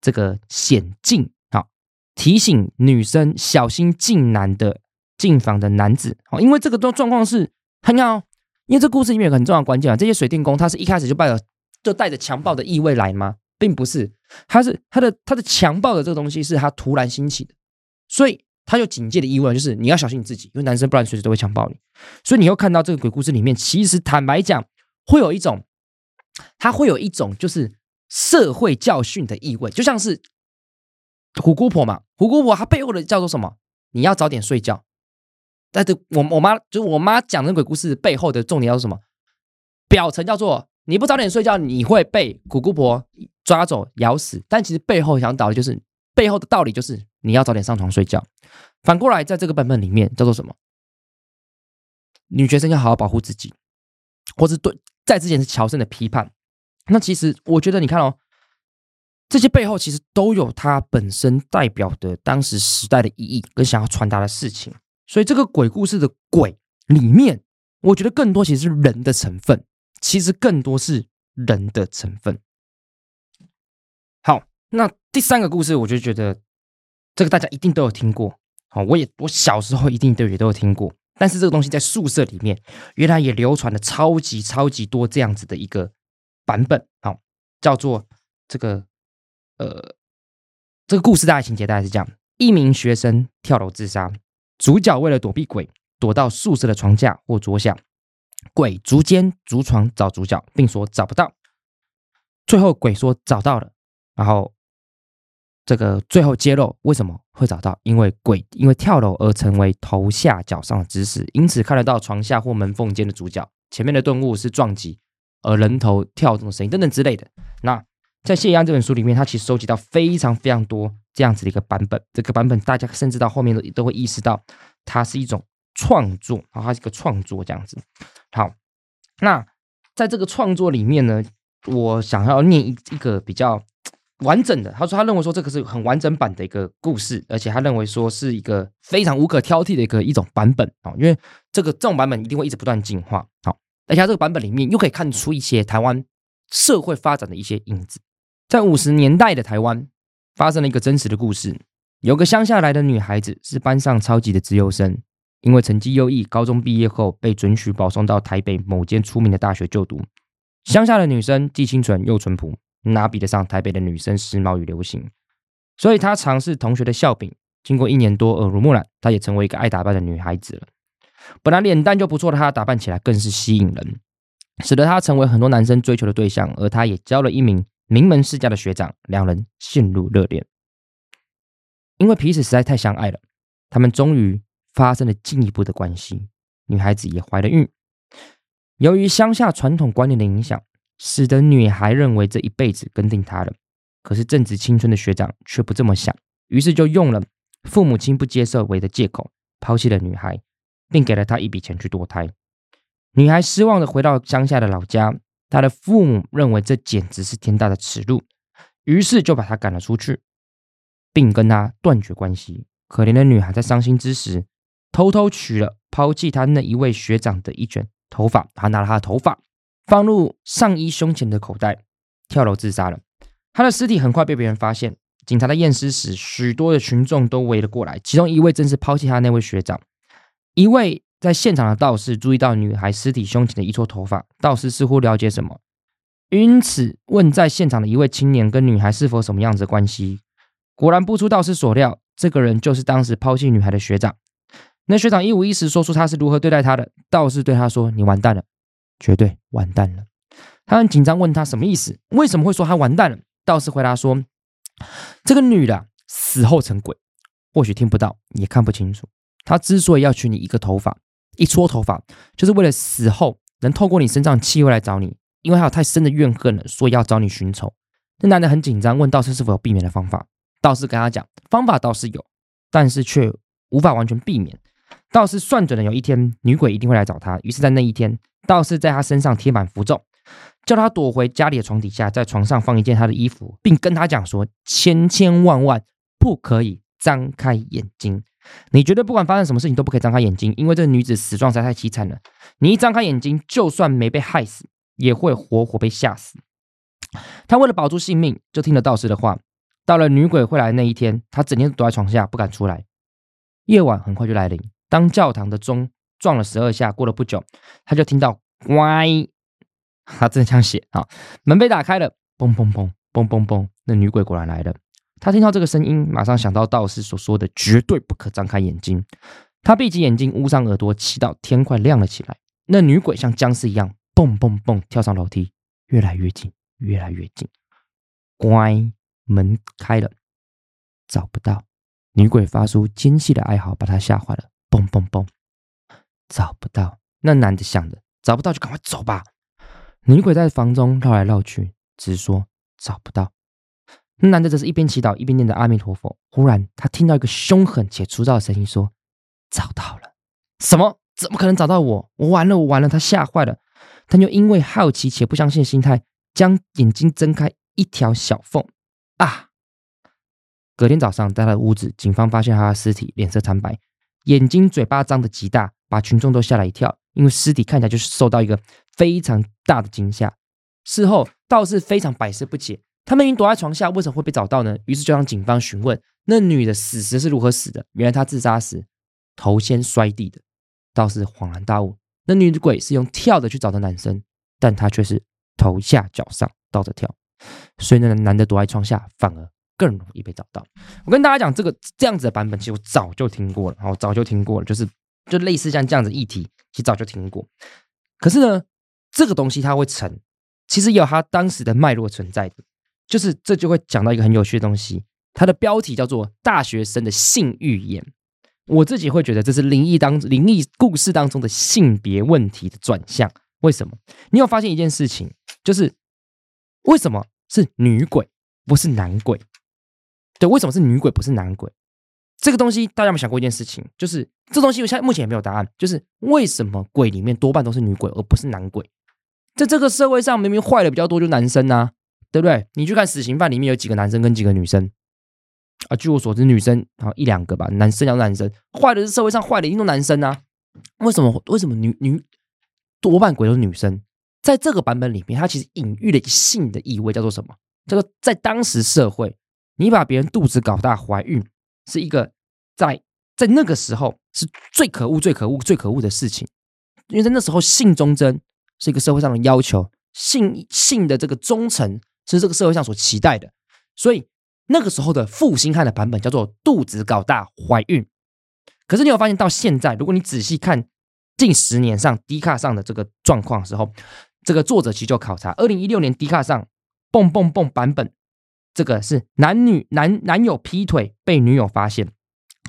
這個險境，好、哦、提醒女生小心進男的進房的男子。哦，因為這個狀狀況是，很好因為這故事裡面有個很重要的關鍵啊，這些水電工他是一開始就帶着就帶着強暴的意味來嗎？並不是，他是他的他的強暴的這個東西是他突然興起的，所以他有警戒的意味，就是你要小心你自己，因為男生不然隨時都會強暴你。所以你又看到這個鬼故事裡面，其實坦白講，會有一種他會有一種就是社會教訓的意味，就像是虎姑婆嘛，虎姑婆她背後的叫做什麼？你要早點睡覺。但是我，我我媽就是、我媽講的鬼故事背後的重點要是什麼？表層叫做你不早點睡覺，你會被虎姑婆抓走，咬死。但其實背後想導的就是背後的道理就是你要早點上床睡覺。反過來，在這個版本裡面叫做什麼？女學生要好好保護自己，或是對在之前是僑生的批判。那其實我覺得，你看哦，這些背後其實都有它本身代表的當時時代的意義跟想要傳達的事情。所以這個鬼故事的鬼裡面，我覺得更多其實是人的成分，其實更多是人的成分。好，那第三個故事，我就覺得這個大家一定都有聽過，好，我也我小時候一定也都有聽過，但是這個東西在宿舍裡面，原來也流傳了超級超級多這樣子的一個版本，好，叫做這個呃，這個故事大概情節大概是這樣：一名學生跳樓自殺。主角為了躲避鬼，躲到宿舍的床下或桌下。鬼逐間逐床找主角，並說找不到。最後鬼說找到了，然後這個最後揭露為什麼會找到，因為鬼因為跳樓而成為頭下腳上的姿勢，因此看得到床下或門縫間的主角。前面的頓悟是撞擊，而人頭跳動的聲音等等之類的。那在《謝宜安》這本書裡面，他其實收集到非常非常多。這樣子的一個版本，這個版本大家甚至到後面都都會意識到，它是一種創作啊、哦，它是一個創作這樣子。好，那在這個創作裡面呢，我想要念一一個比較完整的。他說，他認為說這個是很完整版的一個故事，而且他認為說是一個非常無可挑剔的一個一種版本啊、哦，因為這個這種版本一定會一直不斷進化。好，而且這個版本裡面又可以看出一些台灣社會發展的一些影子，在五十年代的台灣，發生了一個真實的故事，有個鄉下來的女孩子是班上超級的資優生，因為成績優異，高中畢業後被准許保送到台北某間出名的大學就讀。鄉下的女生既清純又淳樸，哪比得上台北的女生時髦與流行？所以她常是同學的笑柄。經過一年多耳濡目染，她也成為一個愛打扮的女孩子了。本來臉蛋就不錯的她，打扮起來更是吸引人，使得她成為很多男生追求的對象。而她也交了一名。名門世家的學長，兩人陷入熱戀，因為彼此實在太相愛了，他們終於發生了進一步的關係，女孩子也懷了孕。由於鄉下傳統觀念的影響，使得女孩認為這一輩子跟定她了。可是正值青春的學長卻不這麼想，於是就用了父母親不接受為的借口，拋棄了女孩，並給了她一筆錢去墮胎。女孩失望的回到鄉下的老家。他的父母認為這簡直是天大的恥辱，於是就把他趕了出去，並跟他斷絕關係。可憐的女孩在傷心之時，偷偷取了拋棄她那一位學長的一卷頭髮，他拿了他的頭髮，放入上衣胸前的口袋，跳樓自殺了。她的屍體很快被別人發現，警察在驗屍時，許多的群眾都圍了過來，其中一位正是拋棄她那位學長，一位。在現場的道士注意到女孩屍體胸前的一撮頭髮，道士似乎了解什麼，因此問在現場的一位青年跟女孩是否什麼樣子的關係。果然不出道士所料，這個人就是當時拋棄女孩的學長。那學長一五一十說出他是如何對待她的。道士對他說：“你完蛋了，絕對完蛋了。”他很緊張，問他什麼意思，為什麼會說他完蛋了？道士回答說：“這個女的死後成鬼，或許聽不到，也看不清楚。她之所以要取你一個頭髮。”一撮頭髮，就是為了死後能透過你身上氣味來找你，因為還有太深的怨恨了，所以要找你尋仇。那男的很緊張，問道士是否有避免的方法。道士跟他講，方法倒是有，但是卻無法完全避免。道士算準了有一天女鬼一定會來找他，於是，在那一天，道士在他身上貼滿符咒，叫他躲回家裡的床底下，在床上放一件他的衣服，並跟他講說：千千萬萬不可以張開眼睛。你覺得不管發生什麼事情都不可以張開眼睛，因為這個女子死狀實在太淒慘了。你一張開眼睛，就算沒被害死，也會活活被嚇死。他為了保住性命，就聽了道士的話。到了女鬼會來那一天，他整天躲在床下不敢出來。夜晚很快就來臨，當教堂的鐘撞了十二下，過了不久，他就聽到“乖、 啊。他這樣寫啊，門被打開了，嘣嘣嘣嘣嘣嘣，那女鬼果然來了。他聽到這個聲音，馬上想到道士所說的“絕對不可張開眼睛”。他閉起眼睛，捂上耳朵，祈禱天快亮了起來。那女鬼像僵屍一樣，蹦蹦蹦跳上樓梯，越來越近，越來越近。乖，門開了，找不到。女鬼發出尖細的哀嚎，把他嚇壞了。蹦蹦蹦，找不到。那男的想着，找不到就趕快走吧。女鬼在房中繞來繞去，直說找不到。那男的則是一邊祈禱一邊念着阿彌陀佛。忽然，他聽到一個兇狠且粗糙的聲音說：“找到了！”什麼？怎麼可能找到我？我完了！我完了！他嚇壞了。他又因為好奇且不相信心態，將眼睛睜開一條小縫。啊！隔天早上，在他的屋子，警方發現他的屍體，臉色慘白，眼睛、嘴巴張得極大，把群眾都嚇了一跳。因為屍體看起來就是受到一個非常大的驚嚇。事後倒是非常百思不解。他們已經躲在床下，為什麼會被找到呢？於是就向警方詢問那女的死時是如何死的。原來她自殺時頭先摔地的，道士恍然大悟：那女鬼是用跳的去找的男生，但他卻是頭下腳上倒着跳，所以那男的躲在床下反而更容易被找到。我跟大家講這個這樣子的版本，其實我早就聽過了，我早就聽過了，就是就類似像這樣子的議題，其實早就聽過。可是呢，這個東西它會成，其實有它當時的脈絡存在的。就是這就會講到一個很有趣的東西，它的標題叫做《大學生的性慾言》。我自己會覺得這是靈異當靈異故事當中的性別問題的轉向。為什麼？你有發現一件事情，就是為什麼是女鬼不是男鬼？對，為什麼是女鬼不是男鬼？這個東西大家有沒有想過一件事情？就是這東西我現在目前也沒有答案，就是為什麼鬼裡面多半都是女鬼而不是男鬼？在這個社會上，明明壞的比較多就男生啊。對不對？你去看《死刑犯》裡面有幾個男生跟幾個女生啊？據我所知，女生好一兩個吧，男生要男生。壞的是社會上壞的，一定都男生啊？為什麼？為什麼女女多半鬼都是女生？在這個版本裡面，它其實隱喻了一個性的意味，叫做什麼？叫做在當時社會，你把別人肚子搞大懷孕，是一個在在那個時候是最可惡、最可惡、最可惡的事情，因為在那時候，性忠貞是一個社會上的要求，性性的這個忠誠。是這個社會上所期待的，所以那個時候的負心漢的版本叫做肚子搞大懷孕。可是你有發現到現在，如果你仔細看近十年上 Dcard 上的這個狀況的時候，這個作者其實就考察，二零一六年 Dcard 上蹦蹦蹦版本，這個是男女男男友劈腿被女友發現；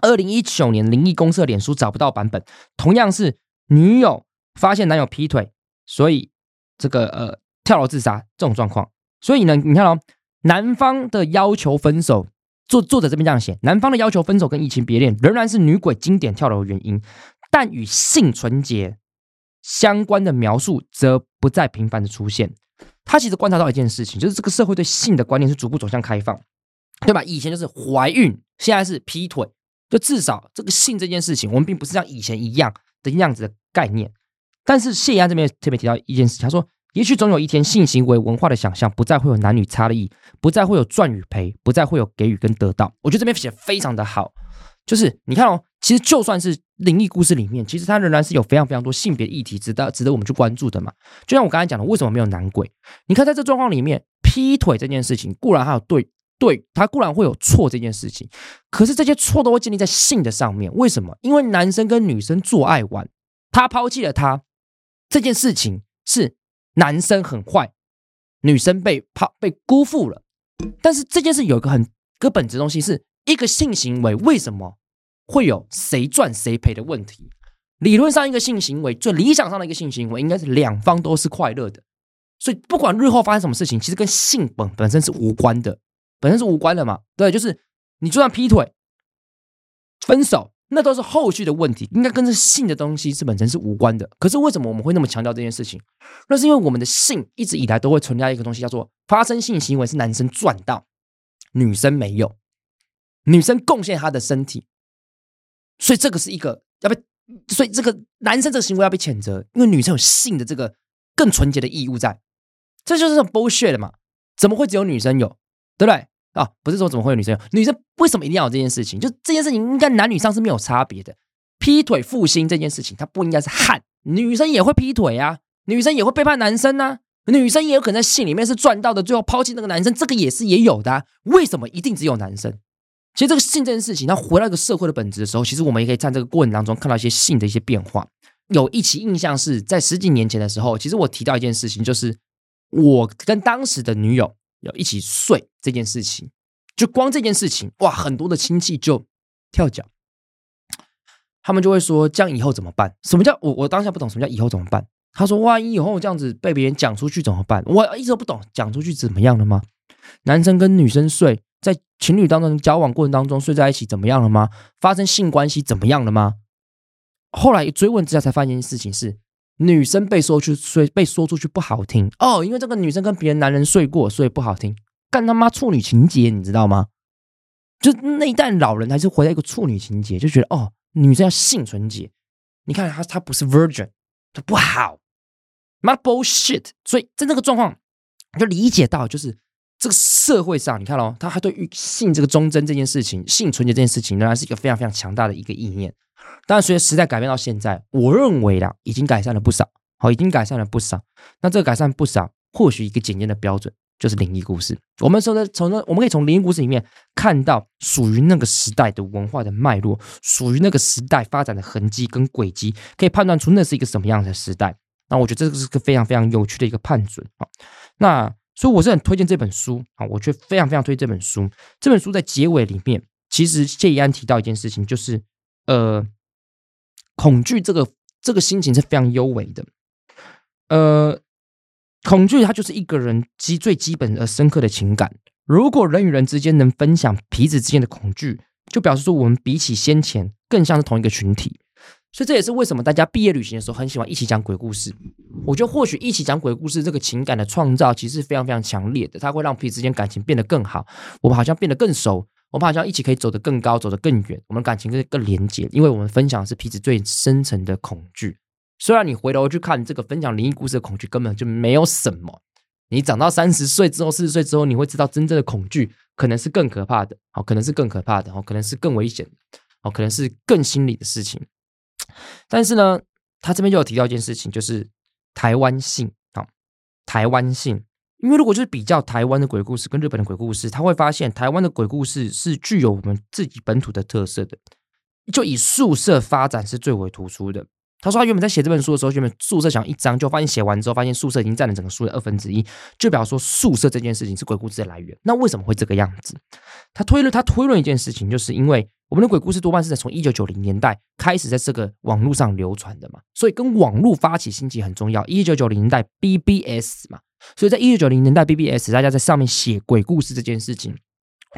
二零一九年靈異公社臉書找不到版本，同樣是女友發現男友劈腿，所以這個呃跳樓自殺這種狀況。所以呢，你看哦，男方的要求分手，作，作者這邊這樣寫，男方的要求分手跟移情別戀仍然是女鬼經典跳樓的原因，但與性純潔相關的描述則不再頻繁的出現。他其實觀察到一件事情，就是這個社會對性的觀念是逐步走向開放，對吧？以前就是懷孕，現在是劈腿，就至少這個性這件事情，我們並不是像以前一樣的樣子的概念。但是謝宜安這邊特別提到一件事情，他說。也許總有一天，性行為文化的想象不再會有男女差異，不再會有賺與賠，不再會有給予跟得到。我覺得這邊寫非常的好，就是你看哦，其實就算是靈異故事裡面，其實它仍然是有非常非常多性別議題值得值得我們去關注的嘛。就像我剛才講的，為什麼沒有男鬼？你看在這狀況裡面，劈腿這件事情固然還有對對，它固然會有錯這件事情，可是這些錯都會建立在性的上面。為什麼？因為男生跟女生做愛完，他拋棄了他，這件事情是。男生很壞，女生被怕被辜負了。但是這件事有一個很本質的東西，是一個性行為，為什麼會有誰賺誰賠的問題？理論上，一個性行為最理想上的一個性行為應該是兩方都是快樂的。所以不管日後發生什麼事情，其實跟性本本身是無關的，本身是無關的嘛？對，就是你就算劈腿、分手。那都是後續的問題，應該跟這性的東西是本身是無關的。可是為什麼我們會那麼強調這件事情？那是因為我們的性一直以來都會存在一個東西，叫做發生性行為是男生賺到，女生沒有，女生貢獻她的身體。所以這個是一個要被，所以這個男生這個行為要被譴責，因為女生有性的這個更純潔的義務在，這就是這種 bullshit 的嘛。怎麼會只有女生有？對不對？啊，不是說怎麼會有女生有，女生。為什麼一定要有這件事情？就這件事情應該男女上是沒有差別的。劈腿負心這件事情，它不應該是漢，女生也會劈腿啊，女生也會背叛男生啊。女生也有可能在性裡面是賺到的，最後拋棄那個男生，這個也是也有的啊。為什麼一定只有男生？其實這個性這件事情，它回到一個社會的本質的時候，其實我們也可以在這個過程當中看到一些性的一些變化。有一起印象是在十幾年前的時候，其實我提到一件事情，就是我跟當時的女友有一起睡這件事情。就光這件事情，哇，很多的親戚就跳腳，他們就會說：“這樣以後怎麼辦？”什麼叫我，我當下不懂什麼叫以後怎麼辦？他說：“萬一以後這樣子被別人講出去怎麼辦？”我一直都不懂講出去怎麼樣了嗎？男生跟女生睡在情侶當中交往過程當中睡在一起怎麼樣了嗎？發生性關係怎麼樣了嗎？後來一追問之下，才發現一件事情是：女生被說去睡被說出去不好聽哦，因為這個女生跟別的男人睡過，所以不好聽。幹他媽處女情節，你知道嗎？就那一代老人還是活在一個處女情節，就覺得哦，女生要性純潔。你看她她不是 virgin，她不好，媽 bullshit。所以在這個狀況，就理解到就是這個社會上，你看哦，他還對於性這個忠貞這件事情，性純潔這件事情，仍然是一個非常非常強大的一個意念。當然，隨着時代改變到現在，我認為啦，已經改善了不少，好、哦，已經改善了不少。那這個改善不少，或許一個檢驗的標準。就是靈異故事。我們說的，從那我們可以從靈異故事裡面看到屬於那個時代的文化的脈絡，屬於那個時代發展的痕跡跟軌跡，可以判斷出那是一個什麼樣的時代。那我覺得這個是個非常非常有趣的一個判準。那所以我是很推薦這本書啊，我卻非常非常推這本書。這本書在結尾裡面，其實謝宜安提到一件事情，就是呃，恐懼這個這個心情是非常幽微的，呃。恐懼，它就是一個人基，最基本而深刻的情感。如果人與人之間能分享彼此之間的恐懼，就表示說我們比起先前更像是同一個群體。所以這也是為什麼大家畢業旅行的時候很喜歡一起講鬼故事。我覺得或許一起講鬼故事這個情感的創造，其實是非常非常強烈的，它會讓彼此之間感情變得更好。我們好像變得更熟，我們好像一起可以走得更高，走得更遠。我們感情更、更連結，因為我們分享的是彼此最深層的恐懼。雖然你回頭去看這個分享靈異故事的恐懼根本就沒有什麼，你長到三十歲之後、四十歲之後，你會知道真正的恐懼可能是更可怕的哦，可能是更可怕的哦，可能是更危險的哦，可能是更心理的事情。但是呢，他這邊就有提到一件事情，就是台灣性啊，台灣性，因為如果就是比較台灣的鬼故事跟日本的鬼故事，他會發現台灣的鬼故事是具有我們自己本土的特色的，就以宿舍發展是最為突出的。他說：“他原本在寫這本書的時候，原本宿舍想一章，就發現寫完之後，發現宿舍已經占了整個書的二分之一，就表示說宿舍這件事情是鬼故事的來源。那為什麼會這個樣子？他推論，他推論一件事情，就是因為我們的鬼故事多半是在從一九九零年代開始在這個網絡上流傳的嘛，所以跟網絡發起興起很重要。一九九零年代 BBS 嘛，所以在一九九零年代 BBS，大家在上面寫鬼故事這件事情，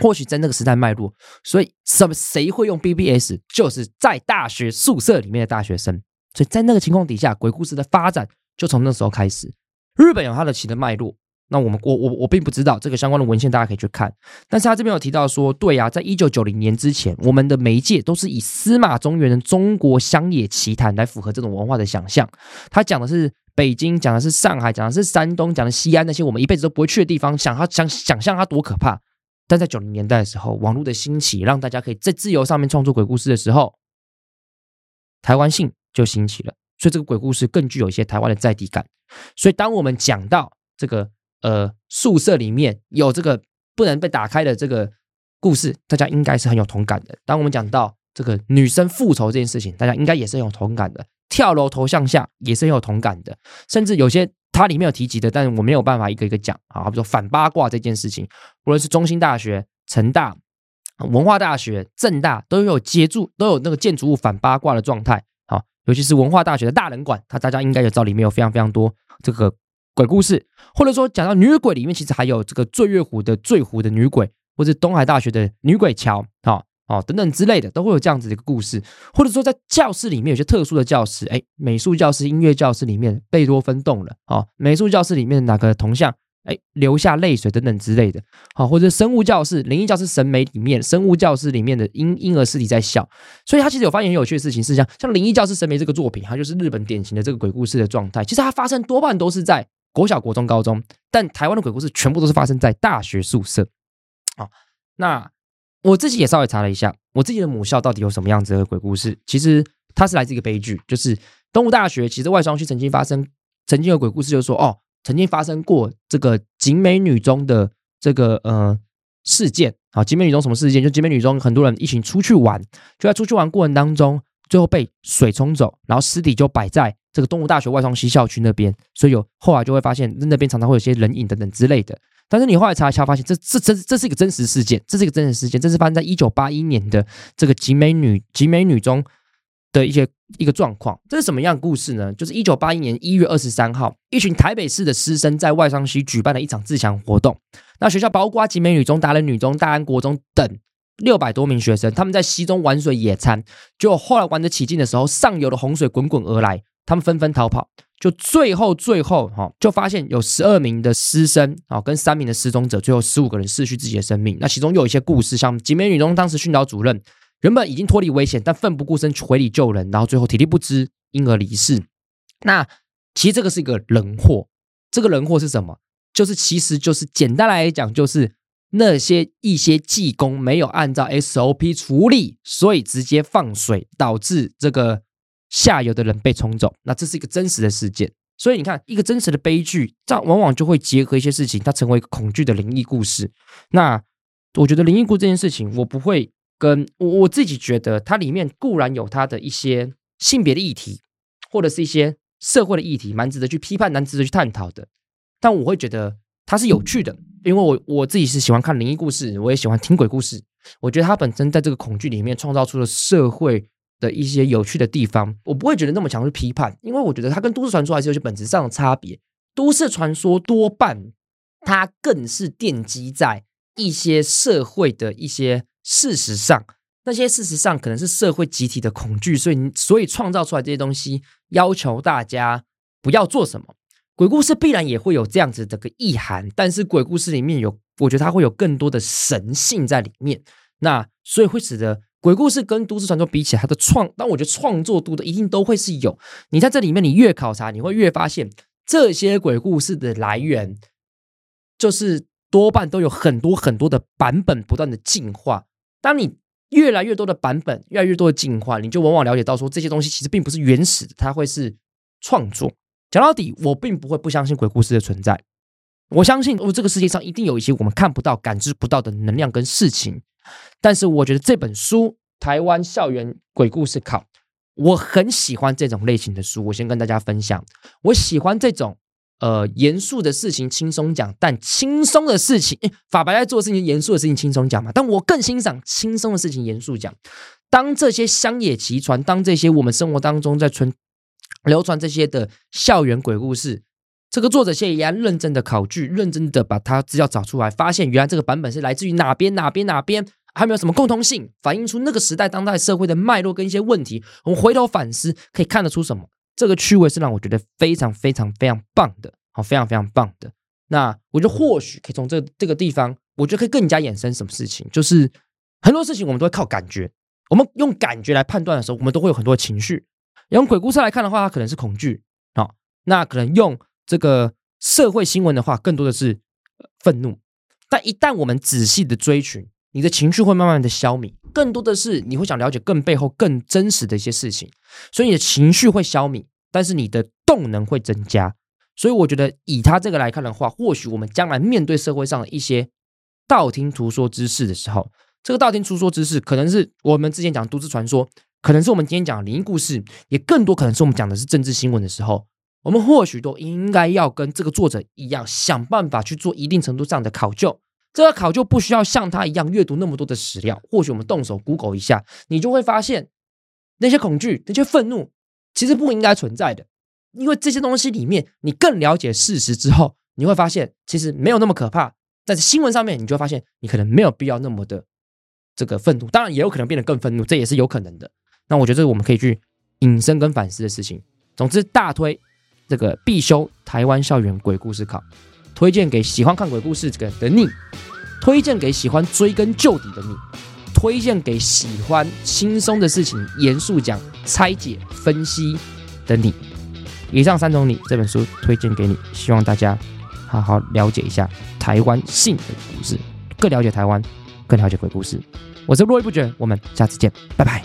或許在那個時代脈絡，所以什麼誰會用 BBS，就是在大學宿舍裡面的大學生。”所以在那個情況底下，鬼故事的發展就從那時候開始。日本有它的奇的脈絡，那我們我我我並不知道這個相關的文獻，大家可以去看。但是他這邊有提到說，對啊，在一九九零年之前，我們的媒介都是以司馬中原的《中國鄉野奇談》來符合這種文化的想象。他講的是北京，講的是上海，講的是山東，講的西安那些我們一輩子都不會去的地方，想他想想象他多可怕。但在九零年代的時候，網絡的興起，讓大家可以在自由上面創作鬼故事的時候，台灣性。就興起了，所以這個鬼故事更具有一些台灣的在地感。所以，當我們講到這個呃宿舍裡面有這個不能被打開的這個故事，大家應該是很有同感的。當我們講到這個女生復仇這件事情，大家應該也是很有同感的。跳樓頭向下也是很有同感的。甚至有些它裡面有提及的，但是我沒有辦法一個一個講啊，比如說反八卦這件事情，無論是中興大學、成大、文化大學、政大都有接住都有那個建築物反八卦的狀態。尤其是文化大學的大仁館。他大家應該也知道裡面有非常非常多這個鬼故事，或者說講到女鬼裡面，其實還有這個醉月湖的醉湖的女鬼，或者東海大學的女鬼橋啊、啊等等之類的，都會有這樣子的一個故事，或者說在教室裡面有些特殊的教室，哎、欸，美術教室、音樂教室裡面，貝多芬動了哦，美術教室裡面哪個銅像？哎，流下淚水等等之類的，好、哦，或者生物教室、靈異教室神眉裡面，生物教室裡面的嬰嬰兒屍體在笑，所以他其實有發現很有趣的事情，是像像靈異教室神眉這個作品，它就是日本典型的這個鬼故事的狀態。其實它發生多半都是在國小、國中、高中，但台灣的鬼故事全部都是發生在大學宿舍。啊、哦，那我自己也稍微查了一下，我自己的母校到底有什麼樣子的鬼故事？其實它是來自一個悲劇，就是東吳大學其實外雙溪曾經發生，曾經有鬼故事就，就說哦。曾經發生過這個景美女中的這個呃事件啊，景美女中什麼事件？就景美女中很多人一起出去玩，就在出去玩過程當中，最後被水沖走，然後屍體就擺在這個東吳大學外雙溪校區那邊。所以有後來就會發現，那邊常常會有些人影等等之類的。但是你後來查一查，發現這這這這是一個真實事件，這是一個真實事件，這是發生在一九八一年的這個景美女景美女中。的一些一個狀況，這是什麼樣的故事呢？就是一九八一年一月二十三號，一群台北市的師生在外雙溪舉辦了一場自強活動。那學校包括吉美女中、達人女中、大安國中等六百多名學生，他們在溪中玩水野餐。就後來玩得起勁的時候，上游的洪水滾滾而來，他們紛紛逃跑。就最後最後哈、哦，就發現有十二名的師生啊、哦，跟三名的失蹤者，最後十五個人失去自己的生命。那其中有一些故事，像吉美女中當時訓導主任，原本已經脫離危險，但奮不顧身回裡救人，然後最後體力不支，因而離世。那其實這個是一個人禍，這個人禍是什麼？就是其實就是簡單來講，就是那些一些技工沒有按照 SOP 處理，所以直接放水，導致這個下游的人被沖走。那這是一個真實的事件，所以你看一個真實的悲劇，這樣往往就會結合一些事情，它成為一個恐懼的靈異故事。那我覺得靈異故事這件事情，我不會。跟我我自己覺得，它裡面固然有它的一些性別的議題，或者是一些社會的議題，蠻值得去批判，蠻值得去探討的。但我會覺得它是有趣的，因為我我自己是喜歡看靈異故事，我也喜歡聽鬼故事。我覺得它本身在這個恐懼裡面創造出了社會的一些有趣的地方，我不會覺得那麼強去批判，因為我覺得它跟都市傳說還是有些本質上的差別。都市傳說多半它更是奠基在一些社會的一些。事實上，那些事實上可能是社會集體的恐懼，所以所以創造出來這些東西，要求大家不要做什麼。鬼故事必然也會有這樣子的個意涵，但是鬼故事裡面有，我覺得它會有更多的神性在裡面。那所以會使得鬼故事跟都市傳說比起來它的創，但我覺得創作度的一定都會是有。你在這裡面，你越考察，你會越發現這些鬼故事的來源，就是多半都有很多很多的版本不斷的進化。當你越來越多的版本，越來越多的進化，你就往往了解到說這些東西其實並不是原始的，它會是創作。講到底，我並不會不相信鬼故事的存在，我相信哦，這個世界上一定有一些我們看不到、感知不到的能量跟事情。但是，我覺得這本書《台灣校園鬼故事考》，我很喜歡這種類型的書。我先跟大家分享，我喜歡這種。呃，嚴肅的事情輕鬆講,但輕鬆的事情誒，法白在做事情，嚴肅的事情輕鬆講嘛？但我更欣賞輕鬆的事情嚴肅講。當這些鄉野奇傳，當這些我們生活當中在傳流傳這些的校園鬼故事，這個作者謝宜安認真的考據，認真的把他資料找出來，發現原來這個版本是來自於哪邊哪邊哪邊，還沒有什麼共通性，反映出那個時代當代社會的脈絡跟一些問題。我們回頭反思，可以看得出什麼？這個趣味是讓我覺得非常非常非常棒的，好，非常非常棒的。那我覺得或許可以從這這個地方，我覺得可以更加衍生什麼事情，就是很多事情我們都會靠感覺，我們用感覺來判斷的時候，我們都會有很多情緒。用鬼故事來看的話，它可能是恐懼啊、哦；那可能用這個社會新聞的話，更多的是、呃、憤怒。但一旦我們仔細的追尋，你的情緒會慢慢的消弭。更多的是你會想了解更背後更真實的一些事情，所以你的情緒會消弭，但是你的動能會增加。所以我覺得以他這個來看的話，或許我們將來面對社會上的一些道聽途說之事的時候，這個道聽途說之事可能是我們之前講都市傳說，可能是我們今天講靈異故事，也更多可能是我們講的是政治新聞的時候，我們或許都應該要跟這個作者一樣，想辦法去做一定程度上的考究。這個考就不需要像他一樣閱讀那麼多的史料，或許我們動手 Google 一下，你就會發現那些恐懼、那些憤怒其實不應該存在的，因為這些東西裡面，你更了解事實之後，你會發現其實沒有那麼可怕。但是新聞上面，你就會發現你可能沒有必要那麼的這個憤怒，當然也有可能變得更憤怒，這也是有可能的。那我覺得這是我們可以去引申跟反思的事情。總之，大推這個必修台灣校園鬼故事考。推薦給喜歡看鬼故事的你，推薦給喜歡追根究底的你，推薦給喜歡輕鬆的事情嚴肅講、拆解分析的你。以上三種你，這本書推薦給你，希望大家好好了解一下台灣性的故事，更了解台灣，更了解鬼故事。我是珞亦不絕，我們下次見，拜拜。